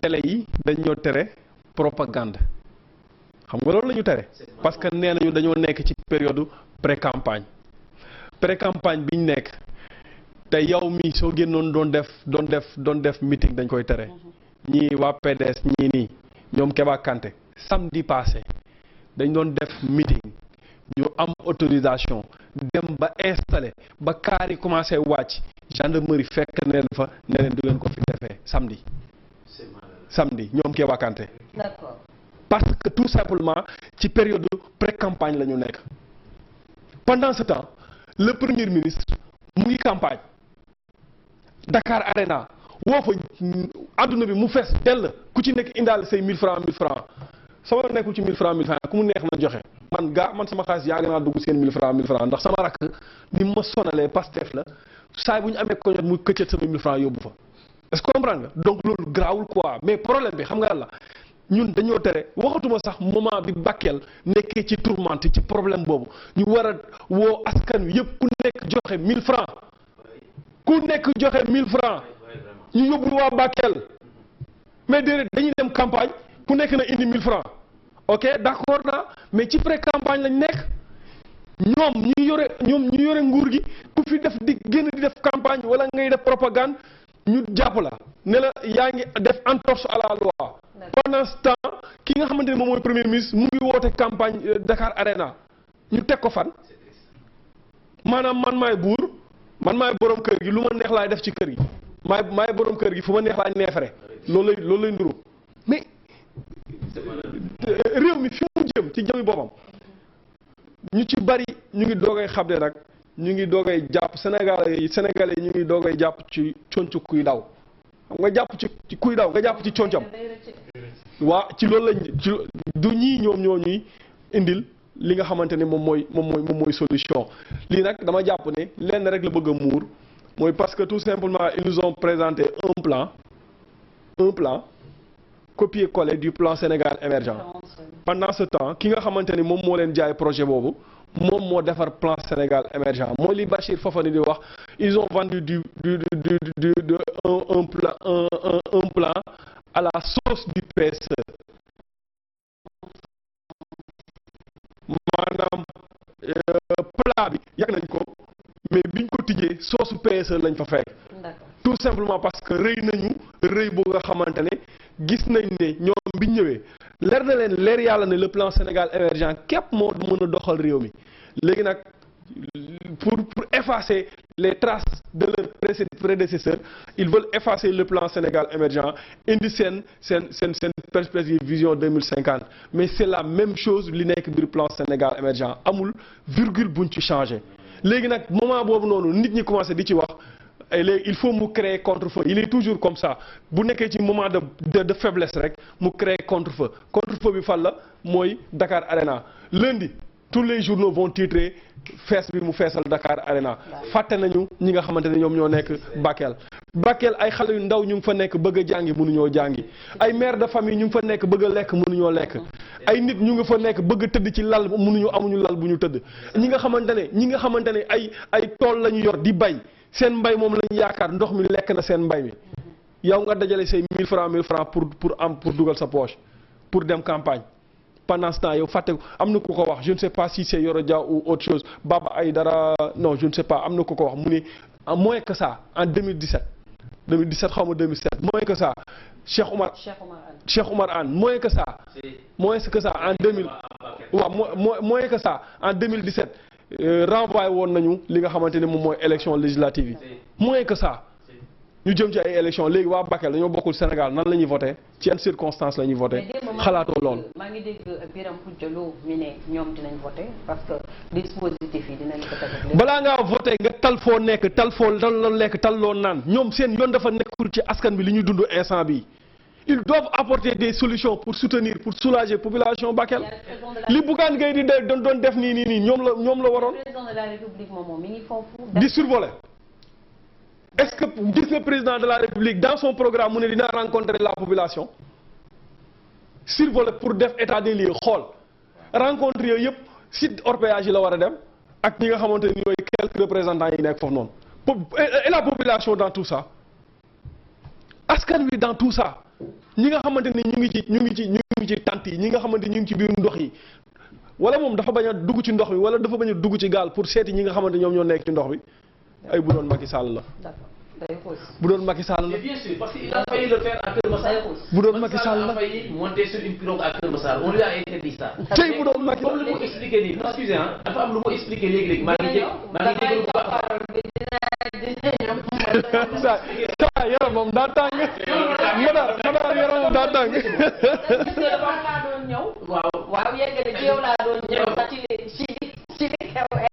télé yi dañ ñoo tere propagande xam nga loolu lañu tere parce que nee nañu dañoo nekk ci période pré campagne pré campagne bi ñu nekk te yow mi soo génnoon doon def doon def doon def meeting dañ koy tere ñi waa PDS ñii nii ñoom Keba Kanté samedi passé dañ doon def meeting ñu am autorisation dem ba installé ba kaar yi commencé wàcc gendarmerie fekk ne leen fa ne du leen ko fi defee samedi samedi ñoom Kéba Kanté. d'accord parce que tout simplement ci période pré-campagne la ñu nekk. pendant ce temps le premier ministre mu ngi campagne Dakar Arena woo fa adduna bi mu fees dell ku ci nekk indaal say 1000 francs 1000 francs sama nekkul ci 1000 francs 1000 francs ku mu neex na joxe man ga man sama xaalis yàgg na dugg seen 1000 francs 1000 francs ndax sama rak ni ma sonalé Pastef la say bu amé amee koñot mu këccët sama 1000 francs yóbbu fa. est que comprendre nga donc loolu garaawul quoi mais problème bi xam nga la ñun dañoo tere waxatuma sax moment bi Bakel nekkee ci tourmente ci problème boobu ñu war a woo askan wi yëpp ku nekk joxe 1000 francs ku nekk joxe 1000 francs ñu yóbbu waa Bakel mais déedéet dañuy dem campagne ku nekk na indi 1000 francs ok d'accord naa mais ci pre campagne lañ nekk ñoom ñu yore ñoom ñu yore nguur gi ku fi def di génn di def campagne wala ngay def propagande ñu jàpp la ne la yaa ngi def entorse à la loi pendant ce temps ki nga xamante ne moom mooy premier ministre mu ngi woote campagne euh, Dakar Arena ñu teg ko fan maanaam man maay buur man maay borom kër gi lu ma neex laay def ci kër gi maay maay borom kër gi fu ma neex laay neefere loolu lay loolu lay nduru mais euh, réew mi fi mu jëm ci jëmi boppam ñu ci bari ñu ngi doogay xam ne nag ñu ngi doogay jàpp sénégalais yi sénégalais yi ñu ngi doogay jàpp ci conc kuy daw xam nga jàpp ci kuy daw nga jàpp ci concam waa ci loolu la ci du ñii ñoom ñoo ñuy indil li nga xamante ne moom mooy moom mooy moom mooy solution lii nag dama jàpp ne lenn rek la bëgg a muur mooy parce que tout simplement ils nous ont présenté un plan un plan copier-coller du plan Sénégal émergent pendant ce temps ki nga xamante ni moom moo leen jaay projet boobu mon mode defar plan Sénégal émergent Moi, Bachir Fofani de ils ont vendu du du du du un un plan un un à la sauce du PSE. Madame, euh, plat bi yàgg nañ ko mais biñ ko sauce PS, e lañ tout simplement parce que rien nañu Réunion, gis nañ ne ñoom bi ñëwee leer na leen lér yalla né le plan Sénégal émergent képp mo mën a doxal réew mi légui nak pour pour effacer les traces de leurs prédécesseurs ils veulent effacer le plan Sénégal émergent indi seen seen seen seen perspective vision 2050 mais c'est la même chose li nekk bir plan Sénégal émergent amul virgule buñ ci changer légui nak moment bobu nonu nit ñi commencé di ci wax est, il faut mu créer contre-feu il est toujours comme ça bu nekkee ci moment de de, de faiblesse rek mu créer contre-feu contre-feu bi fan la mooy Dakar Arena lundi tous les journaux vont titrer fees bi mu fessel Dakar Arena Faté nañu ñi nga xamante ñom ñoom ñoo nekk Bakel Bakel ay xalé yu ndaw ñu fa nekk bëgg jangi mënu mënuñoo jangi. ay mère de famille ñu fa nekk bëgg a mënu mënuñoo lekk mm-hmm. ay nit ñu nga fa nekk bëgg a tëdd ci lal ñu amuñu lal bu ñu tëdd ñi nga xamante ñi nga xamante ay ay toll lañu yor di bay sen mbay mom lañu yaakaar ndox mi lek na sen mbay mi yow nga dajale say 1000 francs 1000 francs pour pour am pour dougal sa poche pour dem campagne pendant ce temps yow faté amna na ko wax je ne sais pas si c'est Yoro Dia ou autre chose Baba Aïdara non je ne sais pas amna na ko wax mune en moins que ça en 2017 2017 xawma 2007 moins que ça Cheikh Omar. Cheikh Omar An. moins que ça moins que ça en 2000 moins que ça en 2017 Euh, renvoyé woon nañu li nga xamante ne moom mooy élection législative yi moins que sax ñu jëm ci ay élection léegi waa Bakel dañoo bokkul Sénégal nan la ñuy voté ci yan circonstance la ñuy voté xalaatoo loolu maa ngi dégg Birame Lo mi ñoom dinañ voté parce que dispositif balaa ngaa voté nga tal foo nekk tal foo tal loo lekk tal loo naan ñoom seen yoon dafa nekkul ci askan bi li ñuy dund instant bi ils doivent apporter des solutions pour soutenir pour soulager la population Bakel li Bougane de Don Don def sont la de la survoler est-ce que le vice président de la République dans son programme mu ne rencontrer la population survoler pour def état des lieux rencontrer rencontre yooyu site orpaillage la war représentants et la population dans tout ça askan wi dans tout ça ñi nga xamanteni ñi ngi ci ñu ngi ci ñu ngi ci tant ñi nga xamanteni ni ñu ngi ci biir ndox yi wala mom dafa baña dugg ci ndox bi wala dafa baña dugg ci gal pour séti ñi nga xamanteni ñom ñoo nekk ci ndox bi ay bu doon Macky Sall la. bu doon Macky Sall la. bien sûr parce qu'il a failli le faire à Keur bu doon Macky Sall la a monter sur une pirogue à Keur on lui a interdit ça. tey bu doon Macky Sall comme expliquer ni excusez hein dafa am lu mo expliquer léegi léegi ma ngi ma maa ngi dégg Sai, sai, io non dar tang. Ma